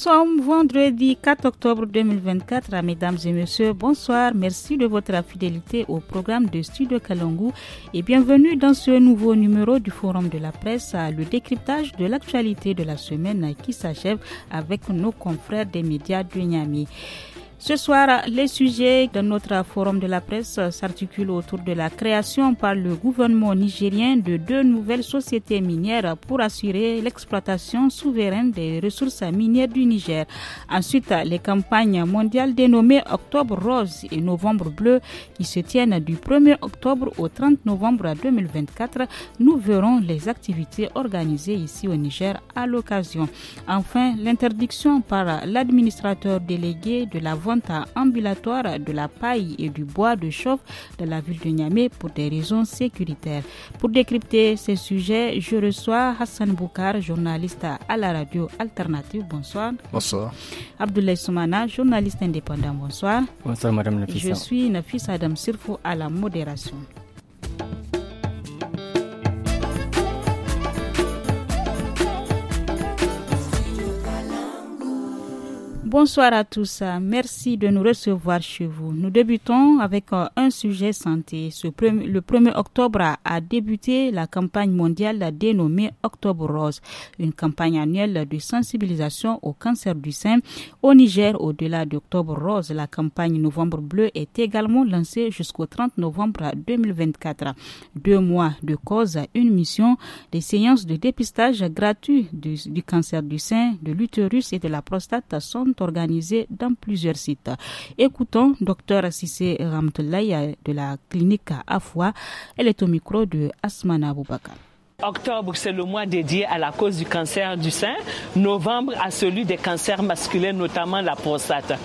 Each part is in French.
Nous sommes vendredi 4 octobre 2024. mesdames et messieurs, bonsoir. Merci de votre fidélité au programme de Studio Kalongu et bienvenue dans ce nouveau numéro du Forum de la presse, le décryptage de l'actualité de la semaine qui s'achève avec nos confrères des médias du Niami. Ce soir, les sujets de notre forum de la presse s'articulent autour de la création par le gouvernement nigérien de deux nouvelles sociétés minières pour assurer l'exploitation souveraine des ressources minières du Niger. Ensuite, les campagnes mondiales dénommées Octobre Rose et Novembre Bleu qui se tiennent du 1er octobre au 30 novembre 2024. Nous verrons les activités organisées ici au Niger à l'occasion. Enfin, l'interdiction par l'administrateur délégué de la à ambulatoire de la paille et du bois de chauffe de la ville de Niamey pour des raisons sécuritaires. Pour décrypter ces sujets, je reçois Hassan Boukar, journaliste à la radio Alternative. Bonsoir. Bonsoir. Abdoulaye Soumana, journaliste indépendant. Bonsoir. Bonsoir, Madame présidente. Je suis Nafis Adam Sirfou à la modération. Bonsoir à tous. Merci de nous recevoir chez vous. Nous débutons avec euh, un sujet santé. Le 1er octobre a débuté la campagne mondiale dénommée Octobre Rose, une campagne annuelle de sensibilisation au cancer du sein. Au Niger, au-delà d'Octobre Rose, la campagne Novembre Bleu est également lancée jusqu'au 30 novembre 2024. Deux mois de cause, une mission, des séances de dépistage gratuit du, du cancer du sein, de l'utérus et de la prostate sont organisée dans plusieurs sites. Écoutons Dr Sissé Ramtelaya de la clinique Afwa. Elle est au micro de Asmana Aboubakar. Octobre, c'est le mois dédié à la cause du cancer du sein. Novembre, à celui des cancers masculins, notamment la prostate.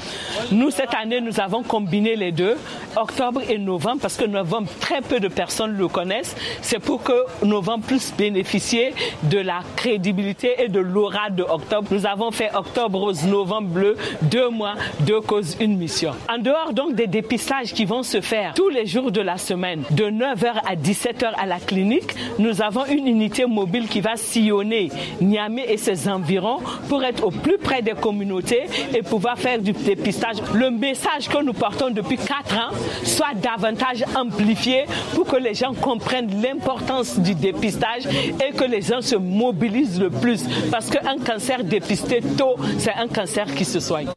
Nous, cette année, nous avons combiné les deux, octobre et novembre, parce que novembre, très peu de personnes le connaissent. C'est pour que novembre puisse bénéficier de la crédibilité et de l'aura de octobre. Nous avons fait octobre rose, novembre bleu, deux mois, deux causes, une mission. En dehors donc des dépistages qui vont se faire tous les jours de la semaine, de 9h à 17h à la clinique, nous avons une une unité mobile qui va sillonner Niamey et ses environs pour être au plus près des communautés et pouvoir faire du dépistage. Le message que nous portons depuis quatre ans soit davantage amplifié pour que les gens comprennent l'importance du dépistage et que les gens se mobilisent le plus. Parce qu'un cancer dépisté tôt, c'est un cancer qui se soigne.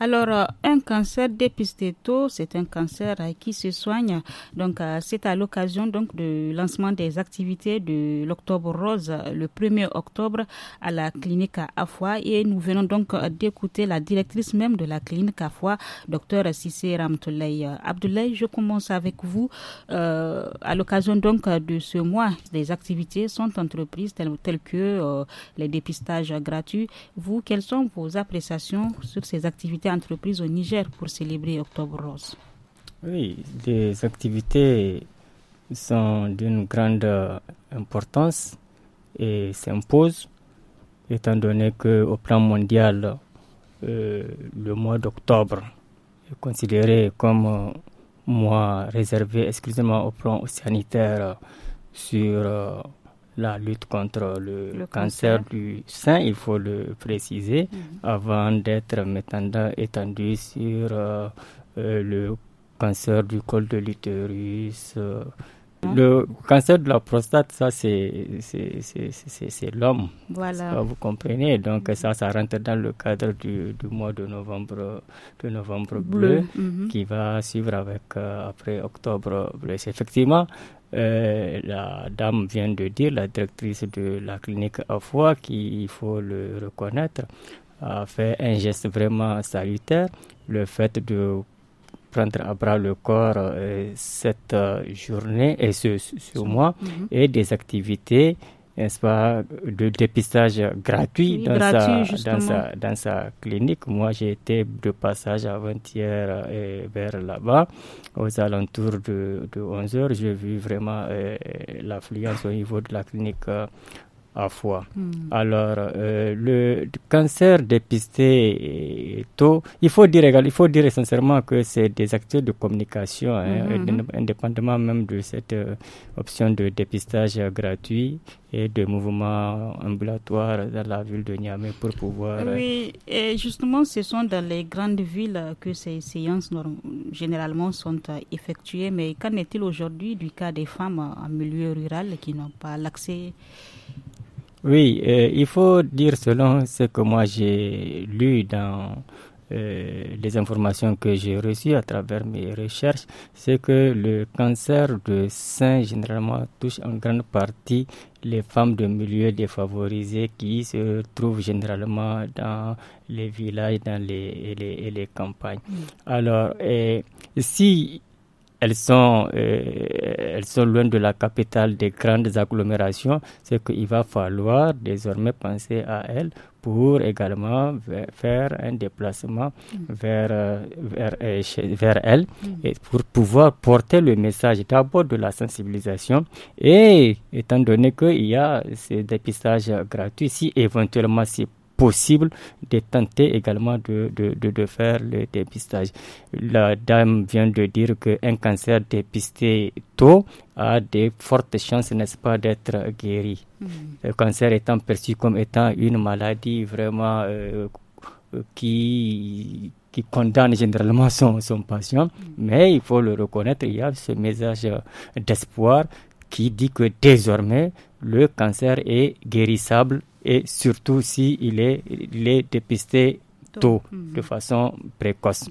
Alors, euh, un cancer dépisté tôt, c'est un cancer euh, qui se soigne. Donc, euh, c'est à l'occasion donc du lancement des activités de l'Octobre Rose le 1er octobre à la clinique à Afwa. Et nous venons donc d'écouter la directrice même de la clinique à Afwa, docteur Sissé Ramtoulaye. Abdoulaye, je commence avec vous. à l'occasion donc de ce mois, des activités sont entreprises telles, que les dépistages gratuits. Vous, quelles sont vos appréciations sur ces activités entreprises au Niger pour célébrer Octobre Rose Oui, les activités sont d'une grande importance et s'imposent, étant donné qu'au plan mondial, euh, le mois d'octobre est considéré comme mois réservé exclusivement au plan sanitaire sur euh, la lutte contre le, cancer. du sein, il faut le préciser, mhm. avant d'être maintenant étendu sur euh, euh, le cancer du col de l'utérus, euh, le cancer de la prostate, ça, c'est l'homme. Voilà. Ça, vous comprenez. Donc, ça, ça rentre dans le cadre du, du mois de novembre, de novembre bleu, mhm. qui va suivre avec, euh, après octobre bleu. Effectivement, euh, la dame vient de dire, la directrice de la clinique à foi, qu'il faut le reconnaître, a fait un geste vraiment salutaire. Le fait de prendre à bras le corps euh, cette euh, journée et ce, ce mois mhm. et des activités n'est-ce pas, de dépistage gratuit, dans, sa, dans, clinique. Moi, j'ai été de passage avant-hier vers là-bas, aux alentours de, 11 heures. J'ai vu vraiment euh, l'affluence au niveau de la clinique à fois. Hmm. Alors, euh, le cancer dépisté tôt, il faut dire, il faut dire sincèrement que c'est des acteurs de communication, hein, hmm, hmm, indépendamment même de cette euh, option de dépistage gratuit et de mouvements ambulatoires dans la ville de Niamey pour pouvoir. Euh, oui, et justement, ce sont dans les grandes villes que ces séances généralement sont effectuées. Mais qu'en est-il aujourd'hui du cas des femmes en milieu rural qui n'ont pas l'accès oui, euh, il faut dire selon ce que moi j'ai lu dans euh, les informations que j'ai reçues à travers mes recherches, c'est que le cancer de sein généralement touche en grande partie les femmes de milieux défavorisés qui se trouvent généralement dans les villages dans les, les, campagnes. Mm. Alors, et si elles sont, euh, elles sont loin de la capitale des grandes agglomérations, c'est qu'il va falloir désormais penser à elles pour également faire un déplacement vers, euh, euh, vers, elles mm. et pour pouvoir porter le message d'abord de la sensibilisation et étant donné qu'il y a ces dépistages gratuits, si éventuellement c'est possible de tenter également de, faire le dépistage. La dame vient de dire qu'un cancer dépisté tôt a de fortes chances, n'est-ce pas, d'être guéri. Hmm. Le cancer étant perçu comme étant une maladie vraiment euh, qui qui condamne généralement son, son patient, hmm. mais il faut le reconnaître, il y a ce message d'espoir qui dit que désormais, le cancer est guérissable et surtout s'il si est, il est dépisté tôt, mhm. de façon précoce.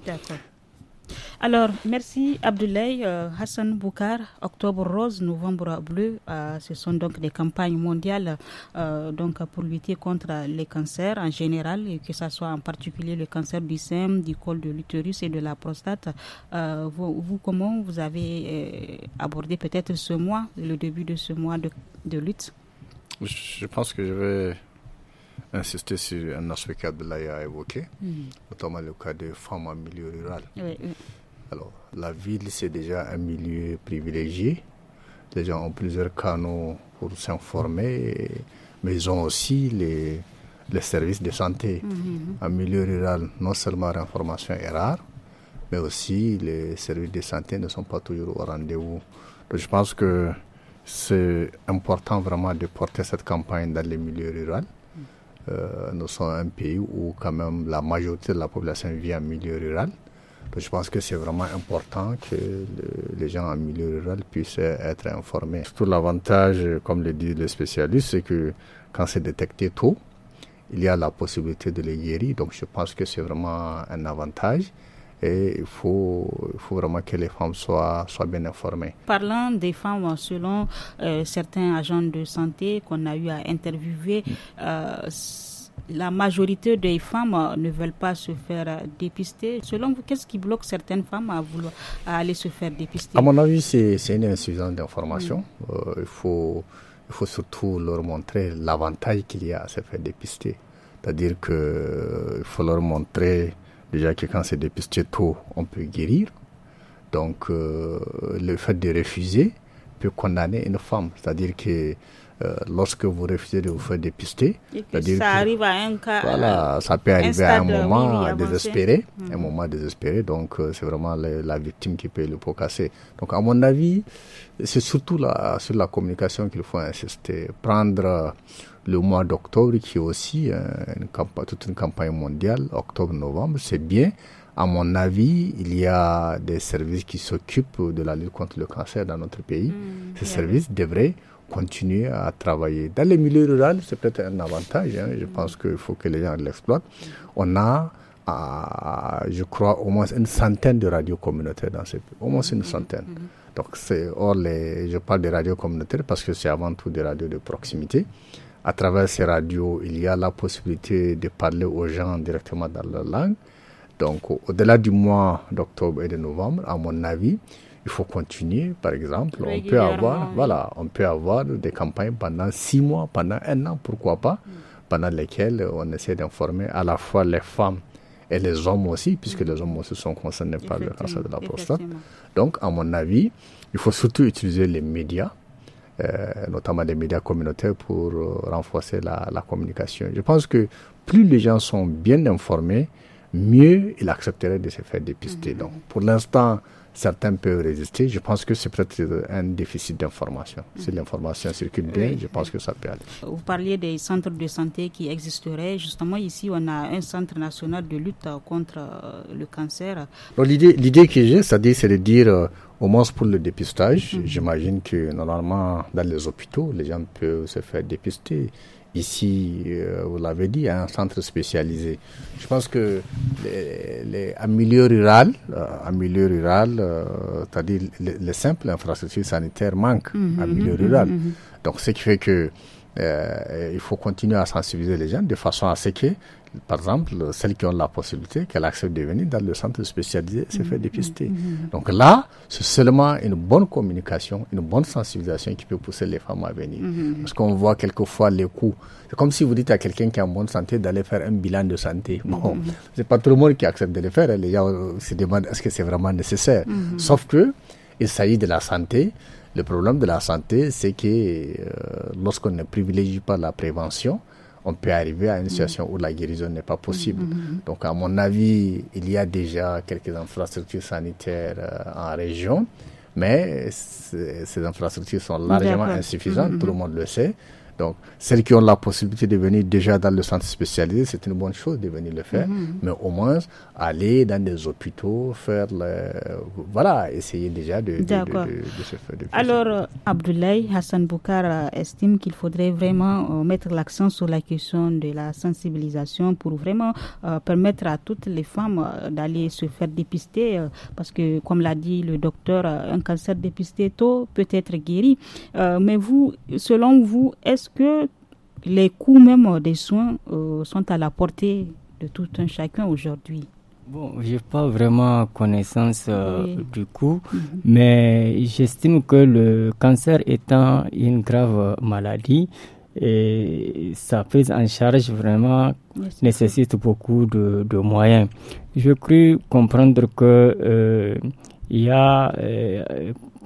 Alors, merci Abdoulaye euh, Hassan Boukar. Octobre rose, novembre bleu, euh, ce sont donc des campagnes mondiales euh, donc pour lutter contre les cancers en général, et que ce soit en particulier le cancer du sein, du col de l'utérus et de la prostate. Vous, comment vous avez abordé peut-être ce mois, le début de ce mois de, de lutte je pense que je vais insister sur un aspect qu'Abelaya a évoqué, mm. notamment le cas des femmes en milieu rural. Alors, la ville, c'est déjà un milieu privilégié. Les gens ont plusieurs canaux pour s'informer, mais ils ont aussi les, les services de santé. Mm-hmm. En milieu rural, non seulement l'information est rare, mais aussi les services de santé ne sont pas toujours au rendez-vous. je pense que c'est important vraiment de porter cette campagne dans les milieux ruraux. Euh, nous sommes un pays où quand même la majorité de la population vit en milieu rural. je pense que c'est vraiment important que les gens en milieu rural puissent être informés. Surtout l'avantage, comme le dit le spécialiste, c'est que quand c'est détecté tôt, il y a la possibilité de les guérir. Donc je pense que c'est vraiment un avantage. Et il faut, faut vraiment que les femmes soient, soient bien informées. Parlant des femmes, selon euh, certains agents de santé qu'on a eu à interviewer, mm. euh, la majorité des femmes euh, ne veulent pas se faire dépister. Selon vous, qu'est-ce qui bloque certaines femmes à, vouloir, aller se faire dépister À mon avis, c'est une insuffisance d'information. Mm. il, faut, il faut surtout leur montrer l'avantage qu'il y a à se faire dépister. C'est-à-dire qu'il faut leur montrer Déjà que quand c'est dépisté tôt, on peut guérir. Donc euh, le fait de refuser peut condamner une femme. C'est-à-dire que euh, lorsque vous refusez de vous faire dépister, ça, à un cas, voilà, euh, ça peut arriver à un moment désespéré, hmm. un moment désespéré. Donc c'est vraiment la, victime qui peut le procasser. Donc à mon avis, c'est surtout sur la communication qu'il faut insister. Prendre le mois d'octobre qui est aussi euh, une toute une campagne mondiale, octobre-novembre, c'est bien. À mon avis, il y a des services qui s'occupent de la lutte contre le cancer dans notre pays. Mm, ces services devraient continuer à travailler. Dans les milieux ruraux, c'est peut-être un avantage. Hein. Je mm. pense qu'il faut que les gens l'exploitent. On a, je crois, au moins une centaine de radios communautaires dans ces pays. Au moins une mm-hmm. centaine. Mm-hmm. Donc, c'est hors les, je parle des radios communautaires parce que c'est avant tout des radios de proximité à travers ces radios, il y a la possibilité de parler aux gens directement dans leur langue. Donc, au-delà du mois d'octobre et de novembre, à mon avis, il faut continuer, par exemple. On peut avoir, voilà, on peut avoir des campagnes pendant six mois, pendant un an, pourquoi pas, mm. pendant lesquelles on essaie d'informer à la fois les femmes et les hommes aussi, puisque les hommes aussi sont concernés par le cancer de la prostate. Donc, à mon avis, il faut surtout utiliser les médias euh, notamment des médias communautaires, pour euh, renforcer la, communication. Je pense que plus les gens sont bien informés, mieux ils accepteraient de se faire dépister. Mhm. Donc, pour l'instant, certains peuvent résister. Je pense que c'est peut-être euh, un déficit d'information. Si mhm. l'information circule bien, je pense que ça peut aller. Vous parliez des centres de santé qui existeraient. Justement, ici, on a un centre national de lutte contre le cancer. L'idée que j'ai, c'est de dire, au moins pour le dépistage, mhm. j'imagine que normalement dans les hôpitaux, les gens peuvent se faire dépister. Ici, euh, vous l'avez dit, un centre spécialisé. Je pense que les, milieu rural, c'est-à-dire les, simples infrastructures sanitaires manquent en milieu rural. Donc, ce qui fait que euh, il faut continuer à sensibiliser les gens de façon à ce que par exemple, celles qui ont la possibilité qu'elles acceptent de venir dans le centre spécialisé se faire dépister. Mhm, mhm, mhm. Donc là, c'est seulement une bonne communication, une bonne sensibilisation qui peut pousser les femmes à venir. Parce qu'on voit quelquefois les coûts. C'est comme si vous dites à quelqu'un qui est en bonne santé d'aller faire un bilan de santé. Bon, c'est pas tout le monde qui accepte de le faire. Hein. Les gens euh, se demandent est-ce que c'est vraiment nécessaire. Sauf que, il s'agit de la santé. Le problème de la santé, c'est que euh, lorsqu'on ne privilégie pas la prévention, on peut arriver à une situation où la guérison n'est pas possible. Mm, mm, mm. Donc, à mon avis, il y a déjà quelques infrastructures sanitaires euh, en région, mais ces infrastructures sont largement insuffisantes, tout le monde le sait. Donc, celles qui ont la possibilité de venir déjà dans le centre spécialisé, c'est une bonne chose de venir le faire, mhm. mais au moins aller dans des hôpitaux, faire le. Voilà, essayer déjà de, se faire. Alors, Abdoulaye Hassan Boukar estime qu'il faudrait vraiment euh, mettre l'accent sur la question de la sensibilisation pour vraiment euh, permettre à toutes les femmes euh, d'aller se faire dépister, parce que, comme l'a dit le docteur, un cancer dépisté tôt peut être guéri. mais vous, selon vous, est-ce est-ce que les coûts même des soins euh, sont à la portée de tout un chacun aujourd'hui Bon, je n'ai pas vraiment connaissance euh, du coût, mhm. mais j'estime que le cancer étant une grave maladie, et sa prise en charge vraiment nécessite beaucoup de, moyens. Je crois comprendre que euh, il y a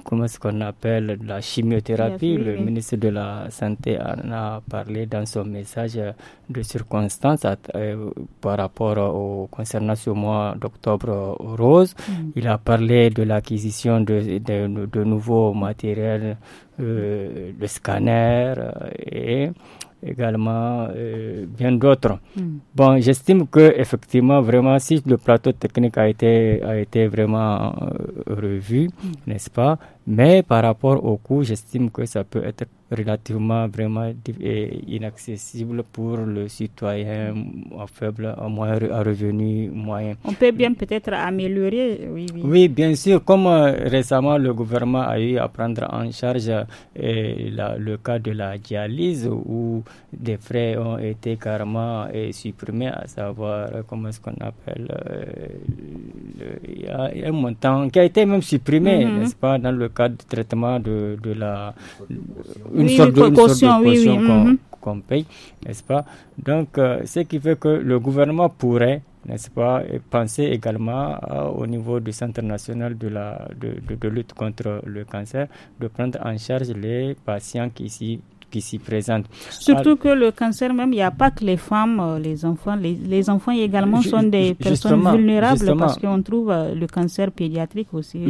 comment ce qu'on appelle la chimiothérapie. Le ministre de la Santé en a parlé dans son message de circonstances euh, par rapport au concernant ce mois d'octobre rose. Mm. Il a parlé de l'acquisition de, nouveaux matériels, euh, de scanners euh, et également euh, bien d'autres. Hmm. Bon, j'estime que effectivement, vraiment, si le plateau technique a été a été vraiment euh, revu, hmm. n'est-ce pas Mais par rapport au coût, j'estime que ça peut être relativement vraiment inaccessible pour le citoyen à faible, à, à revenu moyen. On peut bien peut-être améliorer, oui, bien sûr. Comme euh, récemment, le gouvernement a eu à prendre en charge euh, le cas de la dialyse où des frais ont été carrément euh, supprimés, à savoir, comment est-ce qu'on appelle, il y a un montant qui a été même supprimé, mm-hmm. n'est-ce pas, dans le cadre du traitement de, de la une, sorte, de, mhm. qu'on paye, n'est-ce pas Donc, euh, ce qui fait que le gouvernement pourrait, n'est-ce pas, penser également euh, au niveau du Centre national de, la, lutte contre le cancer, de prendre en charge les patients qui ici, qui s'y présentent. Surtout que le cancer même, il n'y a pas que les femmes, euh, les enfants. Les, enfants également sont des personnes vulnérables parce qu'on trouve euh, le cancer pédiatrique aussi.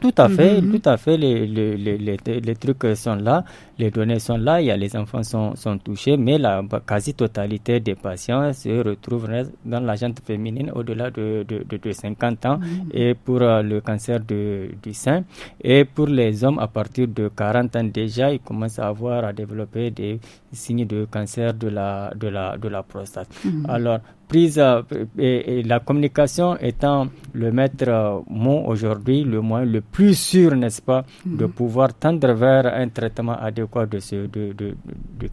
tout à fait, mhm. tout à fait. Les, les, les, trucs sont là, les données sont là, il y a, les enfants sont, sont touchés, mais la quasi-totalité des patients se retrouvent dans la gente féminine au-delà de, de, 50 ans mhm. et pour euh, le cancer du sein. Et pour les hommes, à partir de 40 ans déjà, ils commencent à avoir à développer développer des signes de cancer de la, de la, de la prostate. Mhm. Alors, prise, euh, et, la communication étant le maître euh, mot aujourd'hui, le moyen le plus sûr, n'est-ce pas, de mhm. pouvoir tendre vers un traitement adéquat de ce de, de,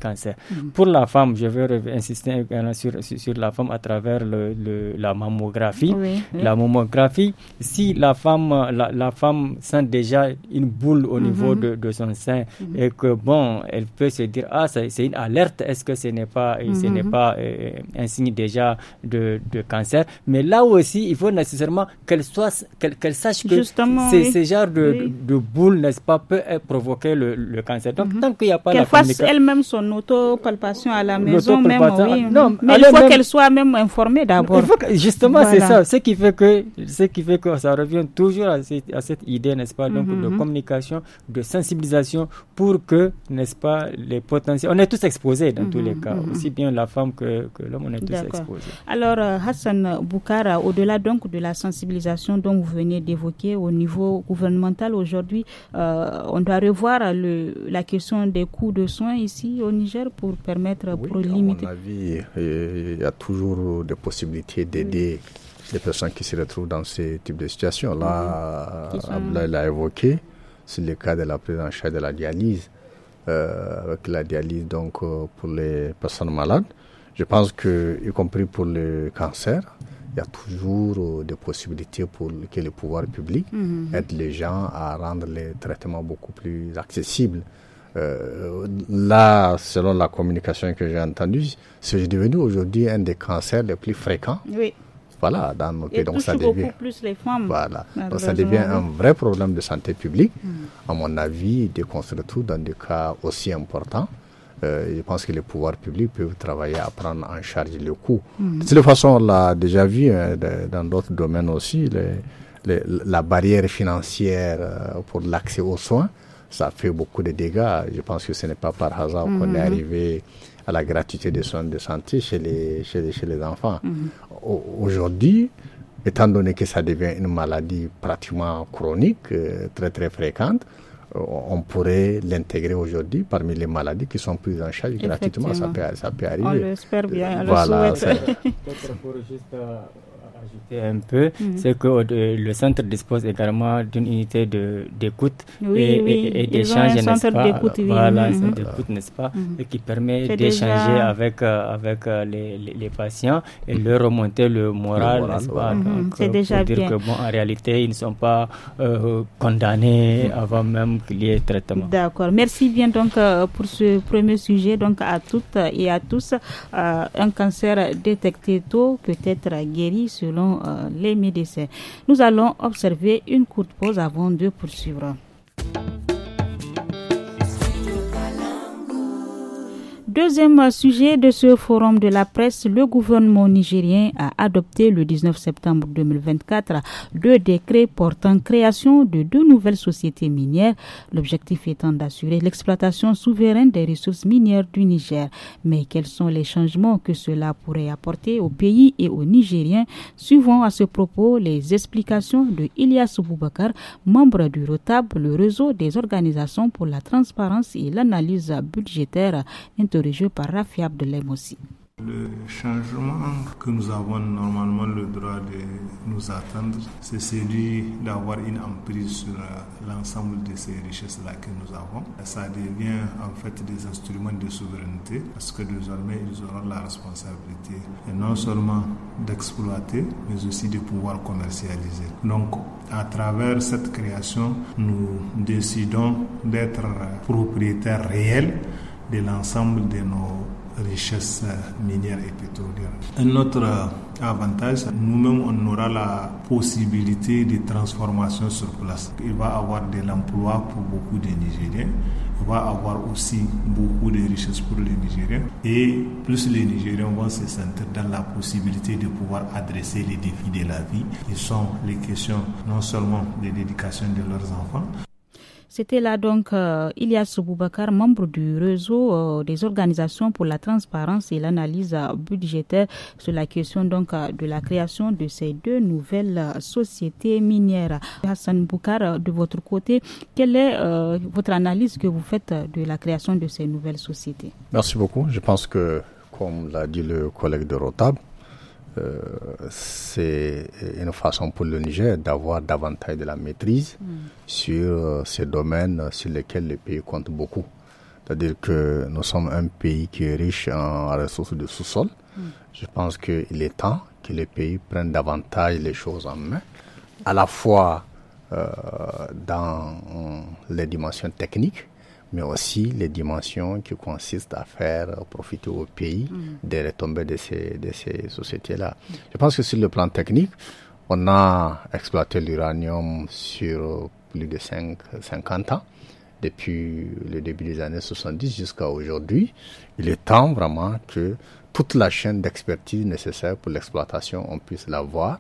cancer. Mhm. Pour la femme, je veux insister sur, sur la femme à travers le, la mammographie. La mammographie, si la femme, la, la, femme sent déjà une boule au niveau mhm. de, de, son sein et que, bon, elle peut se dire, ah, c'est une alerte, est-ce que ce n'est pas, ce n'est pas euh, un signe déjà de, cancer. Mais là aussi, il faut nécessairement qu'elle soit, qu'elle sache que ce genre de, boule, n'est-ce pas, peut provoquer le, cancer. Donc, mhm. a pas qu'elle fasse elle-même son autopalpation à la maison, même, oui. non, mais il faut qu'elle soit même informée d'abord. Justement, c'est ça, ce qui fait que, ce qui fait que ça revient toujours à cette, idée, n'est-ce pas, donc de mhm, mhm. communication, de sensibilisation pour que, n'est-ce pas, les potentiels. On est tous exposés dans tous les cas, aussi bien la femme que l'homme, on est tous exposés. Alors, euh, Hassan Boukara, au-delà donc de la sensibilisation dont vous venez d'évoquer au niveau gouvernemental aujourd'hui, euh, on doit revoir la question des coûts de soins ici au Niger pour permettre, pour limiter. À mon avis, euh, il y a toujours des possibilités d'aider. Les personnes qui se retrouvent dans ce type de situation. Là, l'a évoqué, c'est le cas de la prise en charge de la dialyse. avec la dialyse donc pour les personnes malades. Je pense que, y compris pour le cancer, il y a toujours euh, des possibilités pour que le pouvoir public mhm. aide les gens à rendre les traitements beaucoup plus accessibles. Euh, là, selon la communication que j'ai entendue, c'est devenu aujourd'hui un des cancers les plus fréquents. Oui. Voilà, dans pays. Donc, ça devient, voilà. ça devient un vrai problème de santé publique. Mhm. À mon avis, de construire tout dans des cas aussi importants. Euh, je pense que les pouvoirs publics peuvent travailler à prendre en charge le coût. C'est De toute façon, on l'a déjà vu hein, dans d'autres domaines aussi, la barrière financière euh, pour l'accès aux soins, ça fait beaucoup de dégâts. Je pense que ce n'est pas par hasard qu'on est mhm. arrivé à la gratuité des soins de santé chez les, enfants. Mhm. Aujourd'hui, étant donné que ça devient une maladie pratiquement chronique, euh, très très fréquente, euh, on pourrait l'intégrer aujourd'hui parmi les maladies qui sont prises en charge gratuitement. Ça peut, ça peut arriver. On l'espère bien, voilà, souhaite ajouter un peu, mhm. c'est que euh, le centre dispose également d'une unité d'écoute et, d'échange, n'est-ce pas Voilà, mmh. d'écoute, n'est-ce pas mhm. Qui permet d'échanger avec, euh, avec euh, les, patients et mhm. leur remonter le moral, n'est-ce pas C'est déjà dire que, bon, en réalité, ils ne sont pas condamnés avant même qu'il y ait traitement. D'accord. Merci bien donc pour ce premier sujet donc à toutes et à tous. un cancer détecté tôt peut être guéri sur euh, les médecins. Nous allons observer une courte pause avant de poursuivre. Deuxième sujet de ce forum de la presse, le gouvernement nigérien a adopté le 19 septembre 2024 deux décrets portant création de deux nouvelles sociétés minières, l'objectif étant d'assurer l'exploitation souveraine des ressources minières du Niger. Mais quels sont les changements que cela pourrait apporter au pays et aux Nigériens Suivant à ce propos les explications de Ilyas Boubakar, membre du ROTAB, le réseau des organisations pour la transparence et l'analyse budgétaire. Inter religieux par Rafi de aussi. Le changement que nous avons normalement le droit de nous attendre, c'est celui d'avoir une emprise sur l'ensemble de ces richesses-là que nous avons. Ça devient en fait des instruments de souveraineté parce que désormais ils auront la responsabilité non seulement d'exploiter mais aussi de pouvoir commercialiser. Donc à travers cette création, nous décidons d'être propriétaires réels de l'ensemble de nos richesses minières et pétrolières. Un autre euh, avantage, nous-mêmes, on aura la possibilité de transformation sur place. Il va y avoir de l'emploi pour beaucoup de Nigériens. Il va y avoir aussi beaucoup de richesses pour les Nigériens. Et plus les Nigériens vont se sentir dans la possibilité de pouvoir adresser les défis de la vie, qui sont les questions non seulement de l'éducation de leurs enfants, c'était là donc euh, Ilyas Boubacar, membre du réseau euh, des organisations pour la transparence et l'analyse budgétaire sur la question donc euh, de la création de ces deux nouvelles sociétés minières. Hassan Boukar, de votre côté, quelle est votre analyse que vous faites de la création de ces nouvelles sociétés Merci beaucoup. Je pense que, comme l'a dit le collègue de Rotab, euh, c'est une façon pour le Niger d'avoir davantage de la maîtrise mm. sur euh, ces domaines sur lesquels le pays compte beaucoup. C'est-à-dire que nous sommes un pays qui est riche en ressources de sous-sol. Mm. Je pense qu'il est temps que les pays prennent davantage les choses en main, à la fois euh, dans les dimensions techniques, mais aussi les dimensions qui consistent à faire profiter au pays mm. des retombées de ces, de ces sociétés-là. Je pense que sur le plan technique, on a exploité l'uranium sur plus de 5, 50 ans, depuis le début des années 70 jusqu'à aujourd'hui. Il est temps vraiment que toute la chaîne d'expertise nécessaire pour l'exploitation, on puisse l'avoir.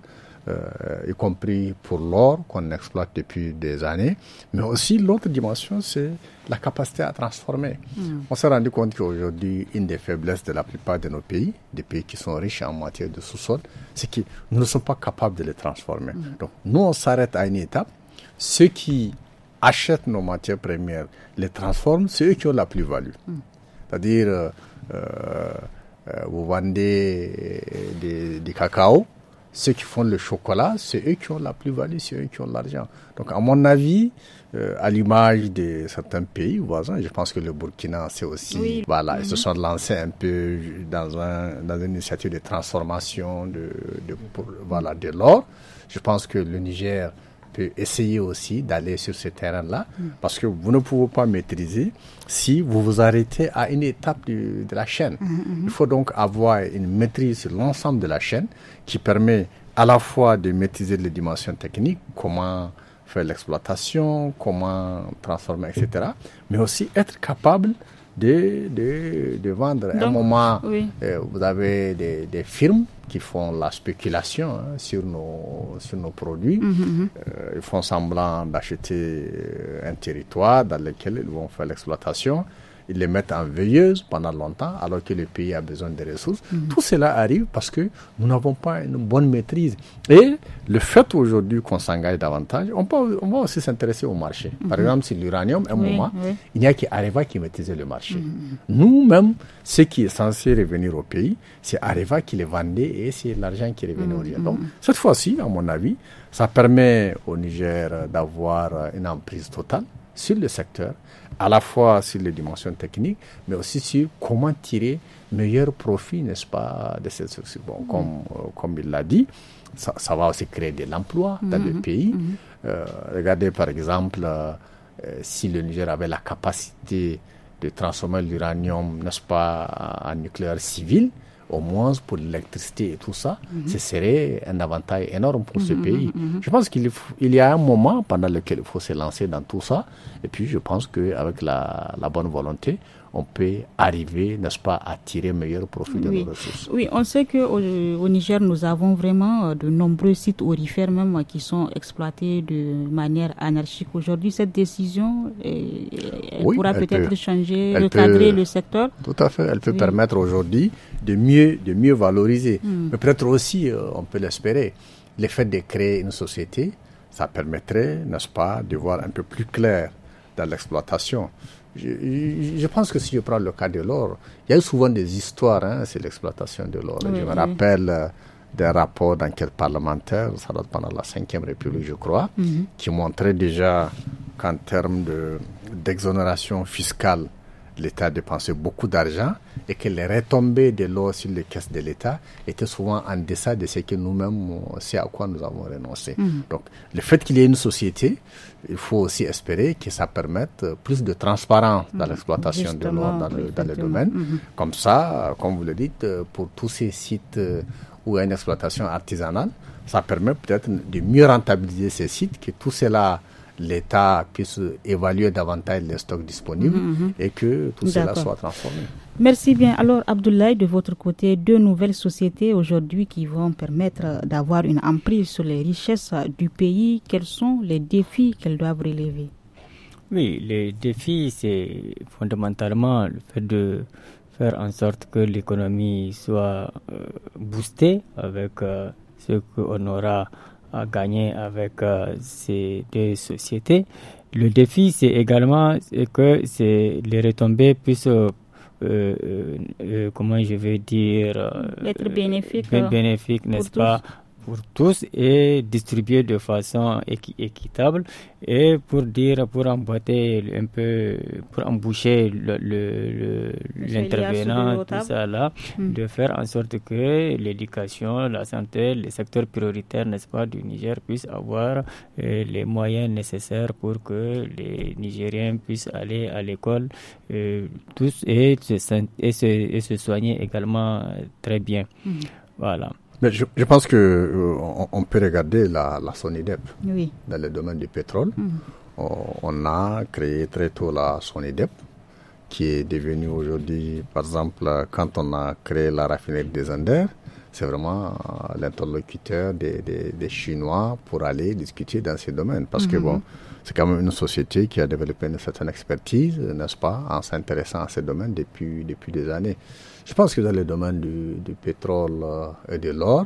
Euh, y compris pour l'or qu'on exploite depuis des années. Mais aussi l'autre dimension, c'est la capacité à transformer. Mm. On s'est rendu compte qu'aujourd'hui, une des faiblesses de la plupart de nos pays, des pays qui sont riches en matière de sous-sol, c'est que nous ne sommes pas capables de les transformer. Mm. Donc nous, on s'arrête à une étape. Ceux qui achètent nos matières premières, les transforment, c'est eux qui ont la plus-value. Mm. C'est-à-dire, euh, euh, vous vendez du des cacao, ceux qui font le chocolat, c'est eux qui ont la plus-value, c'est eux qui ont l'argent. Donc, à mon avis, euh, à l'image de certains pays voisins, je pense que le Burkina, c'est aussi, voilà, ils se mhm. sont lancés un peu dans, un, dans une initiative de transformation de, voilà, de l'or. Je pense que le Niger, peut essayer aussi d'aller sur ce terrain-là, parce que vous ne pouvez pas maîtriser si vous vous arrêtez à une étape de la chaîne. Mm, mm, mm. Il faut donc avoir une maîtrise sur l'ensemble de la chaîne qui permet à la fois de maîtriser les dimensions techniques, comment faire l'exploitation, comment transformer, etc., mais aussi être capable de, de, vendre. à un moment, euh, vous avez des, des, firmes qui font la spéculation hein, sur, nos, sur nos produits. Mhm, mhm. Euh, ils font semblant d'acheter euh, un territoire dans lequel ils vont faire l'exploitation ils les mettent en veilleuse pendant longtemps, alors que le pays a besoin de ressources. Mhm. Tout cela arrive parce que nous n'avons pas une bonne maîtrise. Et le fait aujourd'hui qu'on s'engage davantage, on, peut, va aussi s'intéresser au marché. Par mhm. exemple, sur l'uranium, à un moment, il n'y a qu'Areva qui maîtrisait le marché. Mhm. Nous-mêmes, ce qui est censé revenir au pays, c'est Areva qui les vendait et c'est l'argent qui revenait au Niger. Donc, cette fois-ci, à mon avis, ça permet au Niger d'avoir une emprise totale sur le secteur à la fois sur les dimensions techniques, mais aussi sur comment tirer meilleur profit, n'est-ce pas, de cette source. Bon, mm. euh, comme, il l'a dit, ça, va aussi créer de l'emploi dans mm-hmm. le pays. Mm-hmm. Euh, regardez par exemple euh, si le Niger avait la capacité de transformer l'uranium, n'est-ce pas, en nucléaire civil, au moins pour l'électricité et tout ça, mhm. ce serait un avantage énorme pour ce mhm, pays. Mhm, je pense qu'il il y a un moment pendant lequel il faut se lancer dans tout ça. Et puis, je pense qu'avec la, la bonne volonté, on peut arriver, n'est-ce pas, à tirer meilleur profit de nos ressources. Oui, on sait qu'au au Niger, nous avons vraiment euh, de nombreux sites orifères même euh, qui sont exploités de manière anarchique. Aujourd'hui, cette décision euh, elle, pourra peut-être changer, recadrer le secteur. Tout à fait, elle peut permettre aujourd'hui de mieux, de mieux valoriser. Hmm. Mais peut-être aussi, on peut l'espérer, l'effet de créer une société, ça permettrait, n'est-ce pas, de voir un peu plus clair dans l'exploitation je, pense que si je prends le cas de l'or, il y a souvent des histoires hein, sur l'exploitation de l'or. je me rappelle euh, d'un rapport d'enquête parlementaire, ça date pendant la Ve République, je crois, mhm. qui montrait déjà qu'en termes d'exonération fiscale, l'État dépensait beaucoup d'argent et que les retombées de l'eau sur les caisses de l'État étaient souvent en deçà de ce que nous-mêmes, c'est à quoi nous avons renoncé. Mhm. Donc, le fait qu'il y ait une société, il faut aussi espérer que ça permette euh, plus de transparence dans mhm. l'exploitation de l'eau dans, le, domaine. Mhm. Comme ça, euh, comme vous le dites, euh, pour tous ces sites où il y a une exploitation artisanale, ça permet peut-être de mieux rentabiliser ces sites, que tout cela l'État puisse évaluer davantage les stocks disponibles mhm, mhm. et que tout cela soit transformé. Merci bien. Alors, Abdoulaye, de votre côté, deux nouvelles sociétés aujourd'hui qui vont permettre d'avoir une emprise sur les richesses du pays. Quels sont les défis qu'elles doivent relever Oui, les défis, c'est fondamentalement le fait de faire en sorte que l'économie soit euh, boostée avec euh, ce qu'on aura à gagner avec euh, ces deux sociétés. Le défi, c'est également que les retombées puissent euh, euh, comment je vais dire, être bénéfiques, bénéfique n'est-ce pas, pour tous et distribuer de façon équitable et pour dire, pour emboîter un peu, pour emboucher l'intervenant, le, le, tout ça là, hmm. de faire en sorte que l'éducation, la santé, les secteurs prioritaires, n'est-ce pas, du Niger puissent avoir euh, les moyens nécessaires pour que les Nigériens puissent aller à l'école euh, tous et se, soigner également euh, très bien. Hmm. Voilà. Mais je, pense que euh, on, peut regarder la, la SONIDEP dans le domaine du pétrole. Mm. Euh, on, a créé très tôt la SONIDEP qui est devenue aujourd'hui, par exemple, quand on a créé la raffinerie des Anders, c'est vraiment euh, l'interlocuteur des, Chinois pour aller discuter dans ces domaines. Parce que mm-hmm. bon, c'est quand même une société qui a développé une certaine expertise, n'est-ce pas, en s'intéressant à ces domaines depuis, depuis des années. Je pense que dans le domaine du, pétrole euh, et de l'or,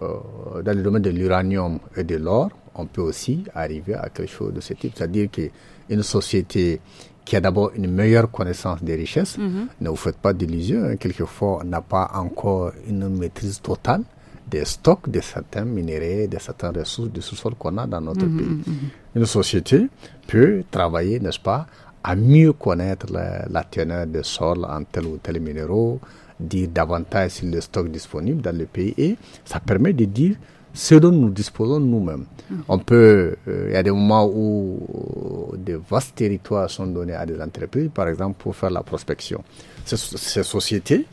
euh, dans le domaine de l'uranium et de l'or, on peut aussi arriver à quelque chose de ce type. C'est-à-dire qu'une société qui a d'abord une meilleure connaissance des richesses, mm-hmm. ne vous faites pas d'illusions, hein. quelquefois n'a pas encore une maîtrise totale des stocks de certains minéraux, de certaines ressources de sous-sol qu'on a dans notre mhm, pays. Mhm, mhm. Une société peut travailler, n'est-ce pas, à mieux connaître la, teneur de sol en tel ou tel minéraux, dire davantage sur le stock disponible dans le pays et ça permet de dire ce dont nous disposons nous-mêmes. On peut, euh, il y a des moments où euh, des de vastes territoires sont donnés à des entreprises, par exemple pour faire la prospection. ces sociétés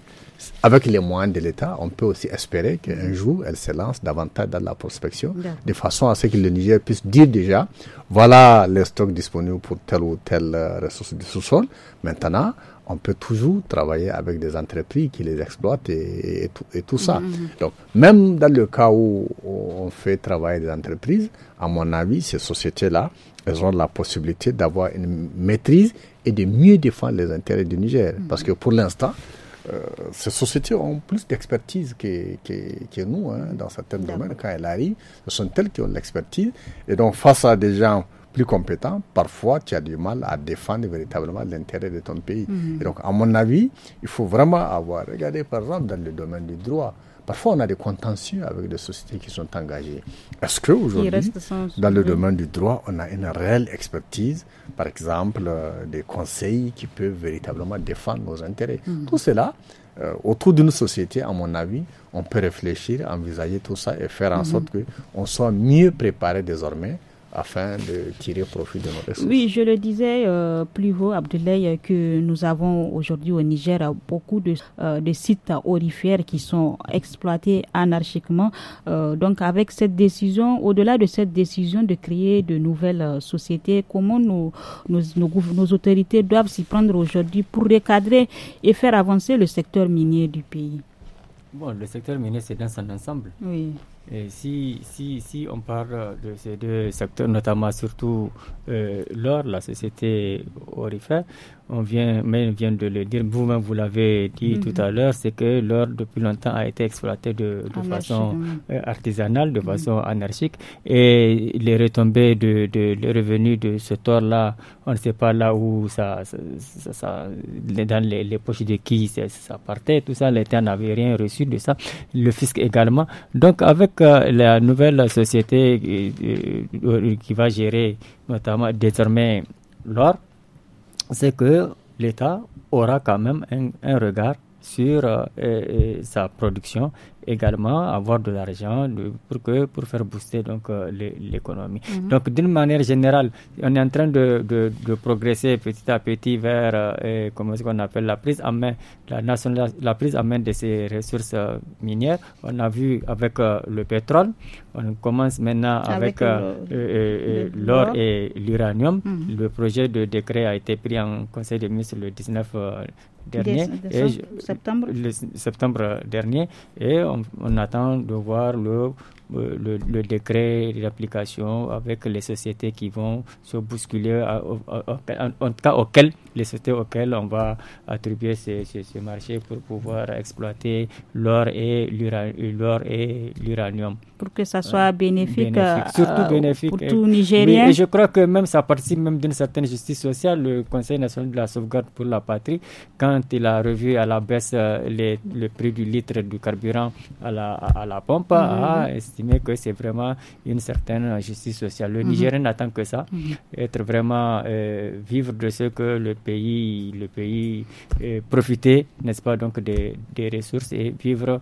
avec les moyens de l'État, on peut aussi espérer qu'un jour, elle se lance davantage dans la prospection, de façon à ce que le Niger puisse dire déjà, voilà les stocks disponibles pour telle ou telle euh, ressource du sous-sol. Maintenant, on peut toujours travailler avec des entreprises qui les exploitent et, et, tout, ça. Mhm. Donc, même dans le cas où on fait travailler des entreprises, à mon avis, ces sociétés-là, elles ont la possibilité d'avoir une maîtrise et de mieux défendre les intérêts du Niger. Mhm. Parce que pour l'instant, euh, ces sociétés ont plus d'expertise que, nous hein, dans certains domaines. Quand elles arrivent, ce sont elles qui ont l'expertise. Et donc, face à des gens plus compétents, parfois tu as du mal à défendre véritablement l'intérêt de ton pays. Mhm. Et donc, à mon avis, il faut vraiment avoir, regardez par exemple dans le domaine du droit, Parfois, on a des contentieux avec des sociétés qui sont engagées. Est-ce qu'aujourd'hui, dans le domaine du droit, on a une réelle expertise, par exemple, euh, des conseils qui peuvent véritablement défendre nos intérêts mhm. Tout cela, euh, autour d'une société, à mon avis, on peut réfléchir, envisager tout ça et faire en mhm. sorte qu'on soit mieux préparé désormais afin de tirer profit de nos ressources. Oui, je le disais euh, plus haut, Abdoulaye, que nous avons aujourd'hui au Niger beaucoup de, euh, sites orifères qui sont exploités anarchiquement. Euh, donc, avec cette décision, au-delà de cette décision de créer de nouvelles sociétés, comment nos, autorités doivent s'y prendre aujourd'hui pour recadrer et faire avancer le secteur minier du pays Bon, le secteur minier, c'est dans son ensemble. Oui si, si, si on parle de ces deux secteurs, notamment surtout euh, l'or, la société Orifère, on vient, mais vient de le dire, vous-même vous, l'avez dit mhm. tout à l'heure, c'est que l'or depuis longtemps a été exploité de, façon euh, artisanale, de mhm. façon anarchique, et les retombées de, les revenus de ce or là on ne sait pas là où ça, ça, dans les, poches de qui ça, partait, tout ça, l'État n'avait rien reçu de ça, le fisc également. Donc avec euh, la nouvelle société euh, qui va gérer notamment désormais l'or, c'est que l'État aura quand même un, regard sur euh, sa production également avoir de l'argent pour, que, pour faire booster donc euh, l'économie. Mhm. Donc d'une manière générale, on est en train de, de, progresser petit à petit vers euh, comment appelle la prise en main, la, la prise en main de ces ressources euh, minières. On a vu avec le pétrole, on commence maintenant avec, l'or et l'uranium. Mhm. Le projet de décret a été pris en Conseil des ministres le 19 dernier. septembre. Le septembre dernier. Et on attend de voir le euh, le, décret d'application avec les sociétés qui vont se bousculer, en, tout cas auxquelles, les sociétés auxquelles on va attribuer ce, marché pour pouvoir exploiter l'or et l'uranium. Pour que ça soit euh, bénéfique, euh, surtout bénéfique pour tout Nigérien. et je crois que même ça participe même d'une certaine justice sociale. Le Conseil national de la sauvegarde pour la patrie, quand il a revu à la baisse le prix du litre du carburant à la, à pompe, mm-hmm estimé que c'est vraiment une certaine justice sociale. Le mm n'attend que ça, mhm. être vraiment euh, vivre de ce que le pays, le pays euh, profiter, n'est-ce pas, donc des, des ressources et vivre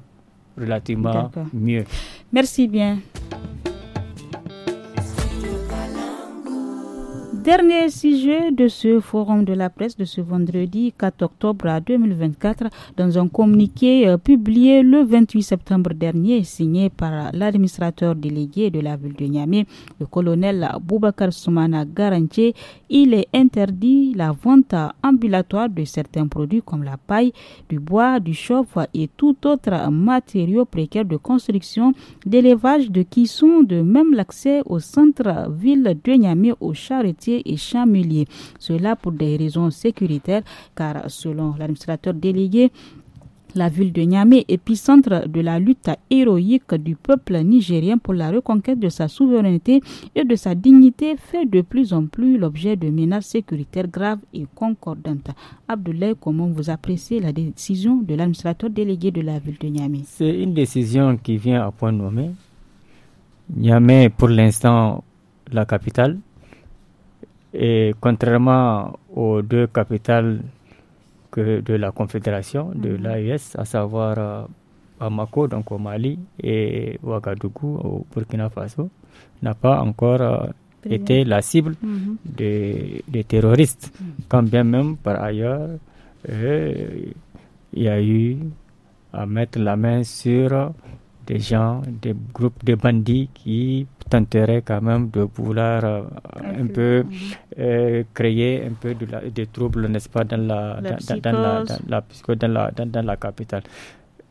relativement mieux. Merci bien. Dernier sujet de ce forum de la presse de ce vendredi 4 octobre 2024, dans un communiqué euh, publié le 28 septembre dernier, signé par l'administrateur délégué de la ville de Niamey, le colonel Boubacar Soumana Garantier, il est interdit la vente ambulatoire de certains produits comme la paille, du bois, du chauffe et tout autre matériau précaire de construction, d'élevage, de qui sont de même l'accès au centre-ville de Niamey au charretier et chamulier. Cela pour des raisons sécuritaires, car selon l'administrateur délégué, la ville de Niamey, épicentre de la lutte héroïque du peuple nigérien pour la reconquête de sa souveraineté et de sa dignité, fait de plus en plus l'objet de menaces sécuritaires graves et concordantes. Abdoulaye, comment vous appréciez la décision de l'administrateur délégué de la ville de Niamey C'est une décision qui vient à point nommé. Niamey, pour l'instant, la capitale, et contrairement aux deux capitales que de la Confédération, de mhm. l'AES, à savoir euh, Bamako, donc au Mali, et Ouagadougou, au Burkina Faso, n'a pas encore euh, été la cible mhm. des, terroristes. Mhm. Quand bien même, par ailleurs, euh, il y a eu à mettre la main sur des gens, des groupes de bandits qui tenteraient quand même de vouloir euh, un peu euh, créer un peu de des troubles, n'est-ce pas, dans la, dans, la, dans, la, capitale.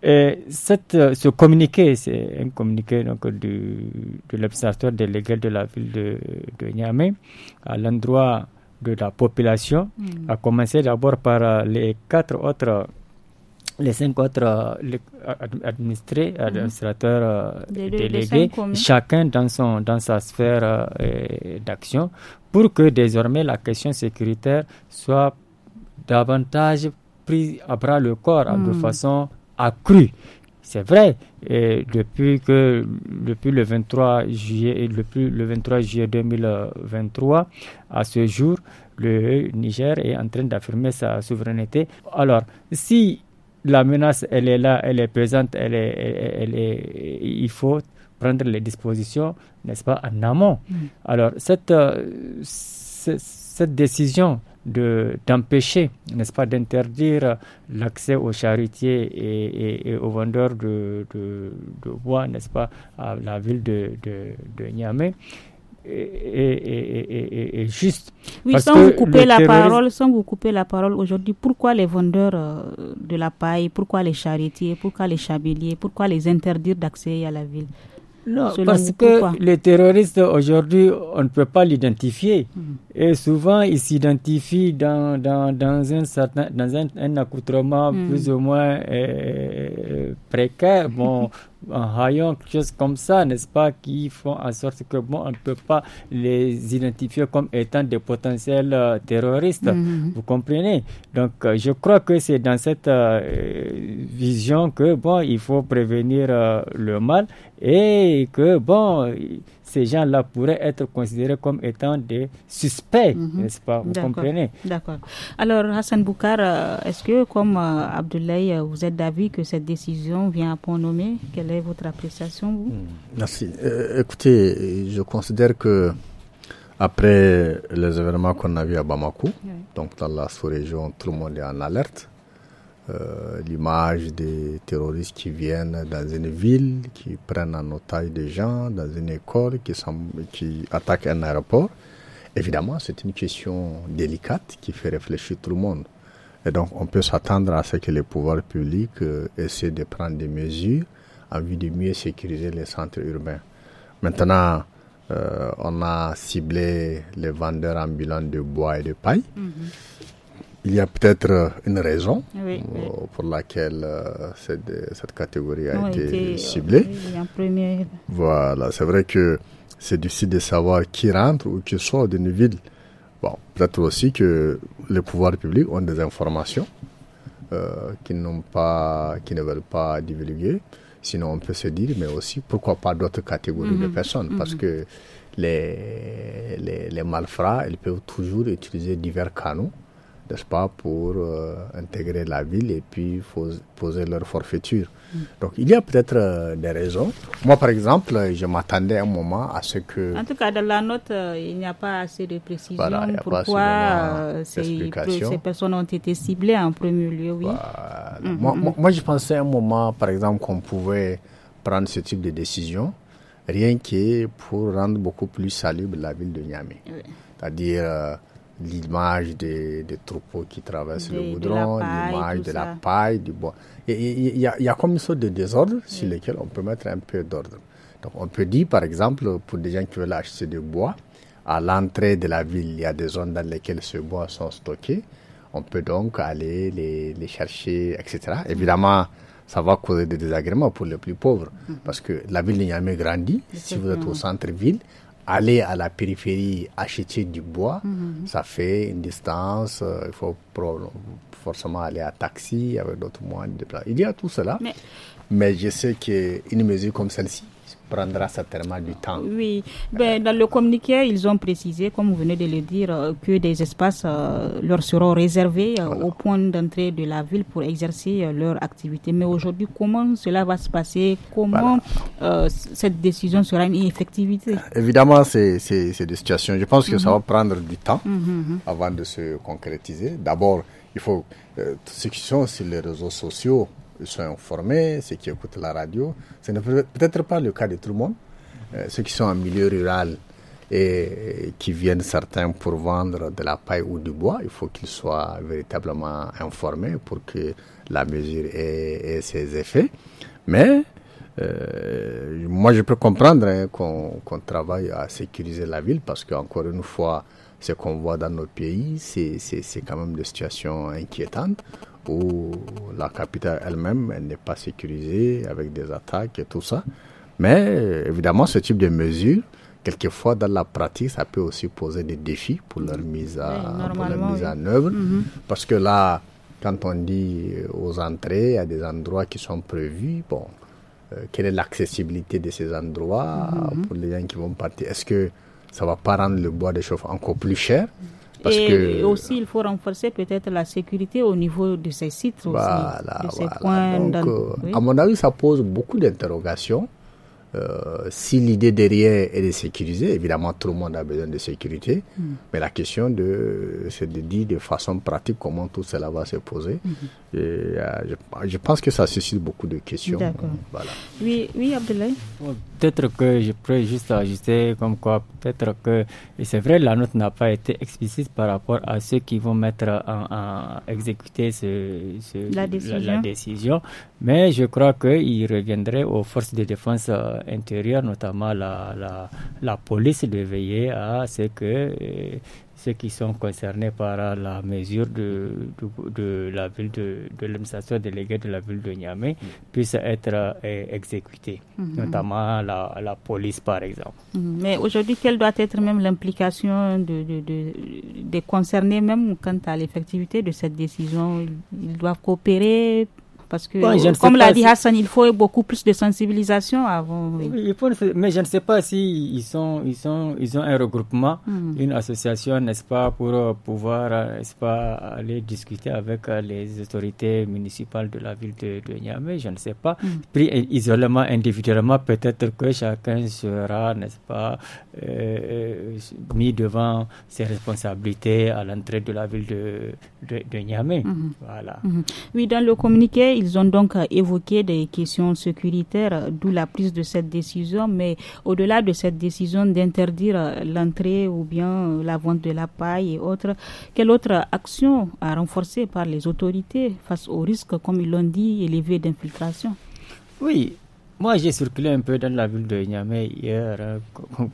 Et cette, euh, ce communiqué, c'est un communiqué donc, du, de l'Observatoire délégué de la ville de, de Niamey à l'endroit de la population, mm. a commencé d'abord par les quatre autres les cinq autres mhm. administrateurs euh, délégués, chacun dans, son, dans sa sphère euh, d'action, pour que désormais la question sécuritaire soit davantage prise à bras le corps hein, de mhm. façon accrue. C'est vrai, et depuis, que, depuis, le 23 juillet, depuis le 23 juillet 2023, à ce jour, le Niger est en train d'affirmer sa souveraineté. Alors, si la menace, elle est là, elle est présente, elle est, elle, est, il faut prendre les dispositions, n'est-ce pas, en amont. Mm. Alors, cette, euh, cette décision de d'empêcher, n'est-ce pas, d'interdire l'accès aux charretiers et, aux vendeurs de, bois, n'est-ce pas, à la ville de, de Niamey, et juste. sans vous, couper la parole, sans vous couper la parole aujourd'hui, pourquoi les vendeurs euh, de la paille, pourquoi les charretiers, pourquoi les chabeliers, pourquoi les interdire d'accès à la ville non, parce que les terroristes aujourd'hui, on ne peut pas l'identifier. Hmm. Et souvent, ils s'identifient dans, dans, dans, un, certain, dans un, un accoutrement hmm. plus ou moins euh, précaire. Bon, en rayon, quelque chose comme ça, n'est-ce pas, qui font en sorte que bon, on ne peut pas les identifier comme étant des potentiels euh, terroristes. Mm-hmm. Vous comprenez Donc, euh, je crois que c'est dans cette euh, vision que bon, il faut prévenir le mal et que bon ces gens-là pourraient être considérés comme étant des suspects, mhm. n'est-ce pas Vous comprenez D'accord. Alors, Hassan Boukar, euh, est-ce que, comme euh, Abdoulaye, euh, vous êtes d'avis que cette décision vient à point nommé Quelle est votre appréciation, vous hmm. Merci. écoutez, je considère que après les événements qu'on a vus à Bamako, donc dans la sous-région, tout le monde est en alerte. Euh, l'image des terroristes qui viennent dans une ville, qui prennent en otage des gens, dans une école, qui, qui attaquent un aéroport. Évidemment, c'est une question délicate qui fait réfléchir tout le monde. Et donc, on peut s'attendre à ce que les pouvoirs publics euh, essaient de prendre des mesures en vue de mieux sécuriser les centres urbains. Maintenant, euh, on a ciblé les vendeurs ambulants de bois et de paille. Mm-hmm il y a peut-être euh, une raison euh, pour laquelle euh, cette, cette catégorie a été, ciblée. voilà, c'est vrai que c'est difficile de savoir qui rentre ou qui sort d'une ville. Bon, peut-être aussi que les pouvoirs publics ont des informations qu'ils n'ont pas, ne veulent pas divulguer. Sinon, on peut se dire, mais aussi, pourquoi pas d'autres catégories de mhm. personnes mhm. Parce que les, les malfrats, ils peuvent toujours utiliser divers canaux n'est-ce pas, pour euh, intégrer la ville et puis poser leur forfaiture. Mm. Donc il y a peut-être euh, des raisons. Moi, par exemple, je m'attendais un moment à ce que... En tout cas, dans la note, euh, il n'y a pas assez de précisions. voilà, pourquoi ces, personnes ont été ciblées en premier lieu. Oui. Mm, mm, moi, je pensais un moment, par exemple, qu'on pouvait prendre ce type de décision, rien que pour rendre beaucoup plus salubre la ville de Niamey. C'est-à-dire l'image des, des, troupeaux qui traversent le goudron, l'image de la paille, du bois. Et il y, y, a comme une sorte de désordre sur lequel on peut mettre un peu d'ordre. Donc on peut dire, par exemple, pour des gens qui veulent acheter du bois, à l'entrée de la ville, il y a des zones dans lesquelles ce bois sont stockés. On peut donc aller les, les chercher, etc. Mm. Évidemment, ça va causer des désagréments pour les plus pauvres. Mm. Parce que la ville a jamais grandi Si vous êtes au centre-ville, aller à la périphérie acheter du bois, mhm. ça fait une distance, euh, il faut forcément aller à taxi avec d'autres moyens de déplacement. Il y a tout cela, mais, mais je sais qu'une mesure comme celle-ci prendra certainement du temps. Oui, ben, dans le communiqué, ils ont précisé, comme vous venez de le dire, euh, que des espaces euh, leur seront réservés euh, au point d'entrée de la ville pour exercer leur activité. Mais aujourd'hui, comment cela va se passer Comment cette décision sera une effectivité Évidemment, c'est des situations. Je pense que ça va mhm. prendre du temps mhm, mhm. avant de se concrétiser. D'abord, il faut ceux qui sont sur les réseaux sociaux euh, sont informés, ceux qui écoutent la radio. Ce n'est peut-être pas le cas de tout le monde. Euh, ceux qui sont en milieu rural et, qui viennent certains pour vendre de la paille ou du bois, il faut qu'ils soient véritablement informés pour que la mesure ait, ses effets. Mais euh, moi, je peux comprendre hein, qu'on travaille à sécuriser la ville parce qu'encore une fois, ce qu'on voit dans nos pays, c'est quand même des situations inquiétantes où la capitale elle-même elle n'est pas sécurisée avec des attaques et tout ça. Mais évidemment, ce type de mesures, quelquefois dans la pratique, ça peut aussi poser des défis pour leur mise, à, mise en œuvre. Mhm. Parce que là, quand on dit euh, aux entrées, à des endroits qui sont prévus, bon, euh, quelle est l'accessibilité de ces endroits mhm. pour les gens qui vont partir Est-ce que ça ne va pas rendre le bois de chauffe encore plus cher mhm et aussi, il faut renforcer peut-être la sécurité au niveau de ces sites aussi, de ces voilà. points Donc, euh, À mon avis, ça pose beaucoup d'interrogations. Euh, si l'idée derrière est de sécuriser, évidemment tout le monde a besoin de sécurité, mm. mais la question de, c'est de dire de façon pratique comment tout cela va se poser. Mm-hmm. Et, euh, je, pense que ça suscite beaucoup de questions. D'accord. Euh, oui, oui oh, peut-être que je pourrais juste ajuster comme quoi, peut-être que, et c'est vrai, la note n'a pas été explicite par rapport à ceux qui vont mettre en, exécuter ce, la décision. Mais je crois qu'il reviendrait aux forces de défense euh, intérieure, notamment la, la, police, de veiller à ce que euh, ceux qui sont concernés par la mesure de, de, la ville de, de l'administration déléguée de la ville de Niamey puisse puissent être euh, exécutés, mhm. notamment la, la, police par exemple. Mhm. Mais aujourd'hui, quelle doit être même l'implication des concernés, même quant à l'effectivité de cette décision Ils doivent coopérer parce que, comme l'a dit Hassan, il faut beaucoup plus de sensibilisation avant. mais je ne sais pas si ils, sont, ils, sont, ils ont un regroupement, hmm. une association, n'est-ce pas, pour euh, pouvoir, euh, n'est-ce pas, aller discuter avec euh, les autorités municipales de la ville de, Niamey. Je ne sais pas. Hmm. Pris isolément, individuellement, peut-être que chacun sera, n'est-ce pas, mis devant ses responsabilités à l'entrée de la ville de, de, Niamey. Hmm. Voilà. Oui, dans le communiqué, ils ont donc euh, évoqué des questions sécuritaires, d'où la prise de cette décision. Mais au-delà de cette décision d'interdire euh, l'entrée ou bien euh, la vente de la paille et autres, quelle autre action a renforcer par les autorités face au risque, comme ils l'ont dit, élevé d'infiltration Oui, moi, j'ai circulé un peu dans la ville de Niamey hier, euh,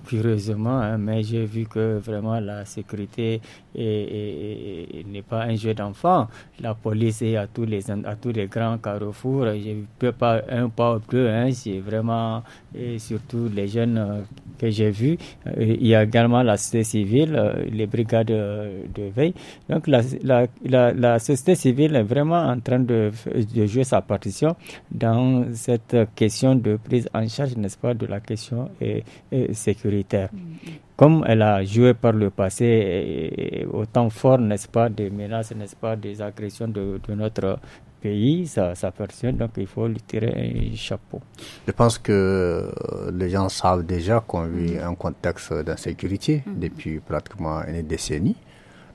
curieusement, hein, mais j'ai vu que vraiment la sécurité n'est pas un jeu d'enfant. La police est à tous les, à tous les grands carrefours. Je ne peux pas un pas ou deux. Hein, c'est vraiment, et surtout les jeunes euh, que j'ai vus. Euh, il y a également la société civile, les brigades de veille. Donc, la, la, la, société civile est vraiment en train de, de jouer sa partition dans cette question de prise en charge, n'est-ce pas, de la question et, euh, euh, sécuritaire. Mm, mm. Comme elle a joué par le passé, euh, autant fort, n'est-ce pas, des menaces, n'est-ce pas, des agressions de, notre pays, ça, ça donc il faut lui tirer un chapeau. Je pense que les gens savent déjà qu'on vit mm. un contexte d'insécurité depuis pratiquement une décennie.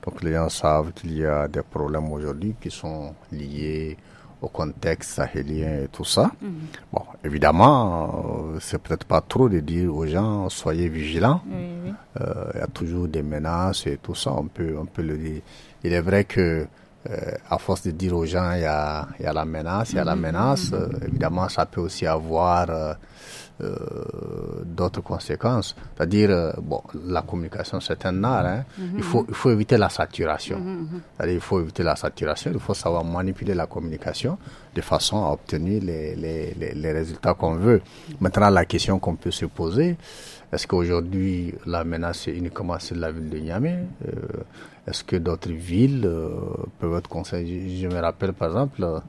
Donc les gens savent qu'il y a des problèmes aujourd'hui qui sont liés au contexte sahélien et tout ça. Bon, évidemment, euh, c'est peut-être pas trop de dire aux gens soyez vigilants. Euh, il y a toujours des menaces et tout ça. On peut, on peut le dire. Il est vrai que euh, à force de dire aux gens il y a, y a, la menace, il y a la mhm. menace. évidemment, ça peut aussi avoir euh, d'autres conséquences. C'est-à-dire, euh, bon, la communication, c'est un art. Hein. Mm-hmm. il, faut, il faut éviter la saturation. Mm-hmm, mm-hmm. C'est-à-dire, il faut éviter la saturation, il faut savoir manipuler la communication de façon à obtenir les, les, les, résultats qu'on veut. Maintenant, la question qu'on peut se poser, est-ce qu'aujourd'hui, la menace est uniquement sur la ville de Niamey euh, Est-ce que d'autres villes peuvent être concernées Je me rappelle, par exemple,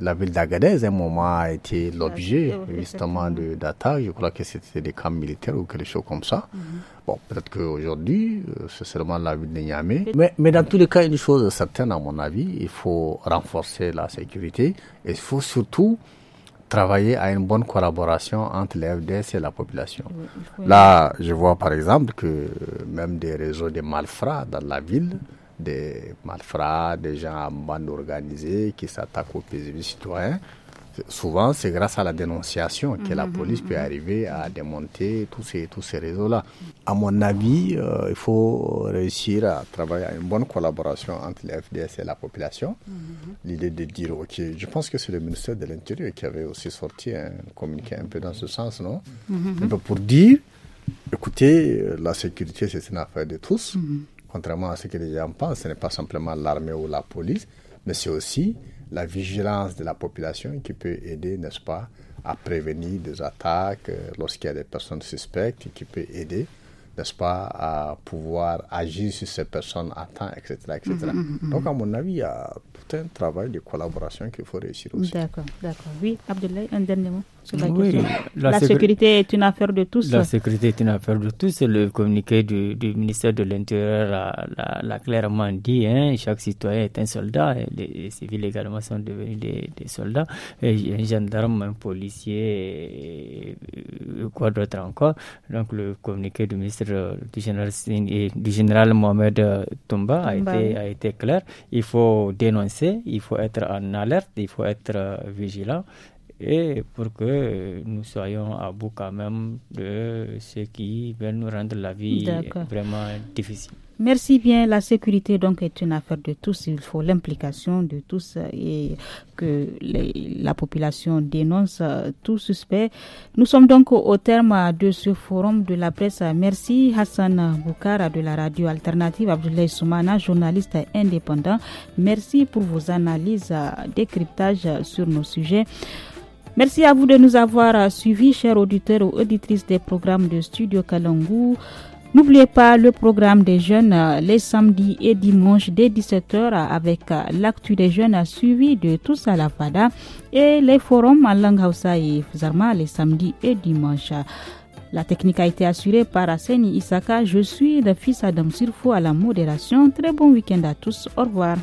la ville d'Agadez, à un moment, a été l'objet ah, justement d'attaques. Je crois que c'était des camps militaires ou quelque chose comme ça. Mhm. Bon, peut-être qu'aujourd'hui, euh, c'est seulement la ville de Niamey. Mais, dans tous les cas, une chose certaine, à mon avis, il faut renforcer la sécurité et il faut surtout travailler à une bonne collaboration entre les FDS et la population. Là, je vois par exemple que même des réseaux de malfrats dans la ville des malfrats, des gens à bande organisée qui s'attaquent aux paisibles citoyens. Souvent, c'est grâce à la dénonciation que la mhm, police peut mhm. arriver à démonter tous ces, tous ces réseaux-là. À mon avis, euh, il faut réussir à travailler à une bonne collaboration entre les FDS et la population. Mhm. L'idée de dire, OK, je pense que c'est le ministère de l'Intérieur qui avait aussi sorti un communiqué un peu dans ce sens, non Pour dire, écoutez, euh, la sécurité, c'est une affaire de tous contrairement à ce que les gens pensent, ce n'est pas simplement l'armée ou la police, mais c'est aussi la vigilance de la population qui peut aider, n'est-ce pas, à prévenir des attaques euh, lorsqu'il y a des personnes suspectes, qui peut aider, n'est-ce pas, à pouvoir agir sur ces personnes à temps, etc. Mm, mm, mm, Donc, à mon avis, il y a tout un travail de collaboration qu'il faut réussir aussi. D'accord, d'accord. Oui, Abdoulaye, un dernier mot la sécurité est une affaire de tous. La sécurité est une affaire de tous. Le communiqué du, ministère de l'Intérieur l'a clairement dit. Hein. chaque citoyen est un soldat. les, civils également sont devenus des, soldats. Et un gendarme, un policier, euh, quoi d'autre encore. Donc le communiqué du ministre euh, du général, général Mohamed euh, Tomba a été, a été clair. Il faut dénoncer, il faut être en alerte, il faut être vigilant et pour que nous soyons à bout quand même de ce qui va nous rendre la vie vraiment difficile. Merci bien. La sécurité donc est une affaire de tous. Il faut l'implication de tous et que la population dénonce tout suspect. Nous sommes donc au terme de ce forum de la presse. Merci Hassan Boukara de la radio alternative Abdoulaye Soumana, journaliste indépendant. Merci pour vos analyses, décryptages sur nos sujets. Merci à vous de nous avoir euh, suivis, chers auditeurs ou auditrices des programmes de Studio Kalangou. N'oubliez pas le programme des jeunes euh, les samedis et dimanches dès 17h euh, avec l'actu des jeunes suivi de tous à la FADA et les forums à langue et les samedis et dimanches. La technique a été assurée par Aseni Isaka. Je suis le fils Adam Sirfo à la modération. Très bon week-end à tous. Au revoir.